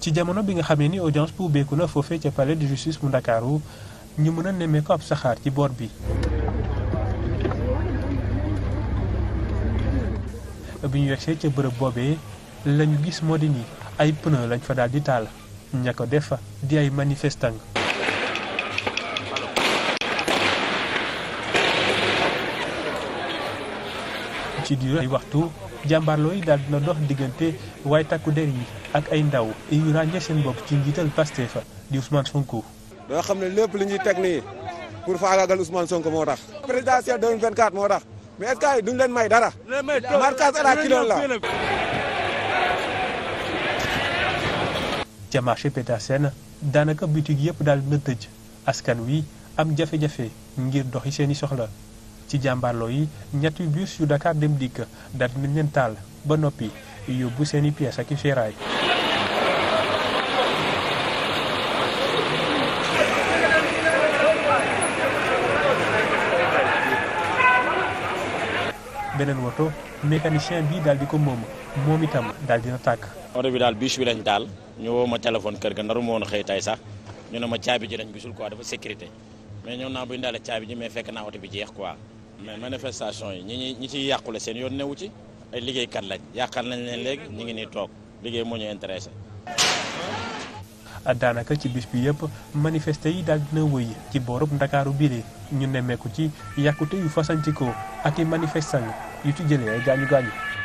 ci jamono bi nga xamee ni audience bu ubbeeku na foofee ca palais de justice bu ndakaaru ñu mën a nemmee ko ab saxaar ci boor bi bi ñu yegsee ca bërëb boobee lañu gis moo di ni ay pneu lañ fa daal di taal ña ko def fa di ay manifestant ci diir ay waxtu jàmbaarloo yi daal dina dox diggante waaye takku der yi ak ay ndaw yu ràññee seen bopp ci njiital Pastef di Ousmane Sonko. doo xam ne lépp li ñuy teg nii pour faagaagal Ousmane Sonko moo tax. présidentielle 2024 moo tax mais est leen may dara. marquage à la kilo la. daanaka bitig yëpp daal di tëj askan wi am jafe-jafe ngir doxi seeni soxla ci jàmbaarloo yi ñetti bus yu Dakar dem dikk daal dinañ leen ba noppi yóbbu seeni pièces ak i feeraay beneen woto mécanicien bi daal di ko moom moom itam daal dina tàkk. oto bi daal bûche bi lañ daal ñu woo ma téléphone kër ga naru ma woon xëy tay sax ñu ne ma caabi ji lañ gisul quoi dafa sécurité mais ñëw naa bu ñu daale caabi ji mais fekk naa oto bi jeex quoi. mais manifestation yi ñi ñi ñi ciy yàqule seen yoon newu ci ay liggéeykat lañ yàqal nañ leen léegi ñu ngi nii toog liggéey moo ñu intéressé. daanaka ci biis bi yëpp manifesté yi daal dina wëy ci boorub ndakaaru biile ñu nemmeeku ci yàqute yu fasantikoo ak i manifestant yu ci jëlee ay gaañu gaañu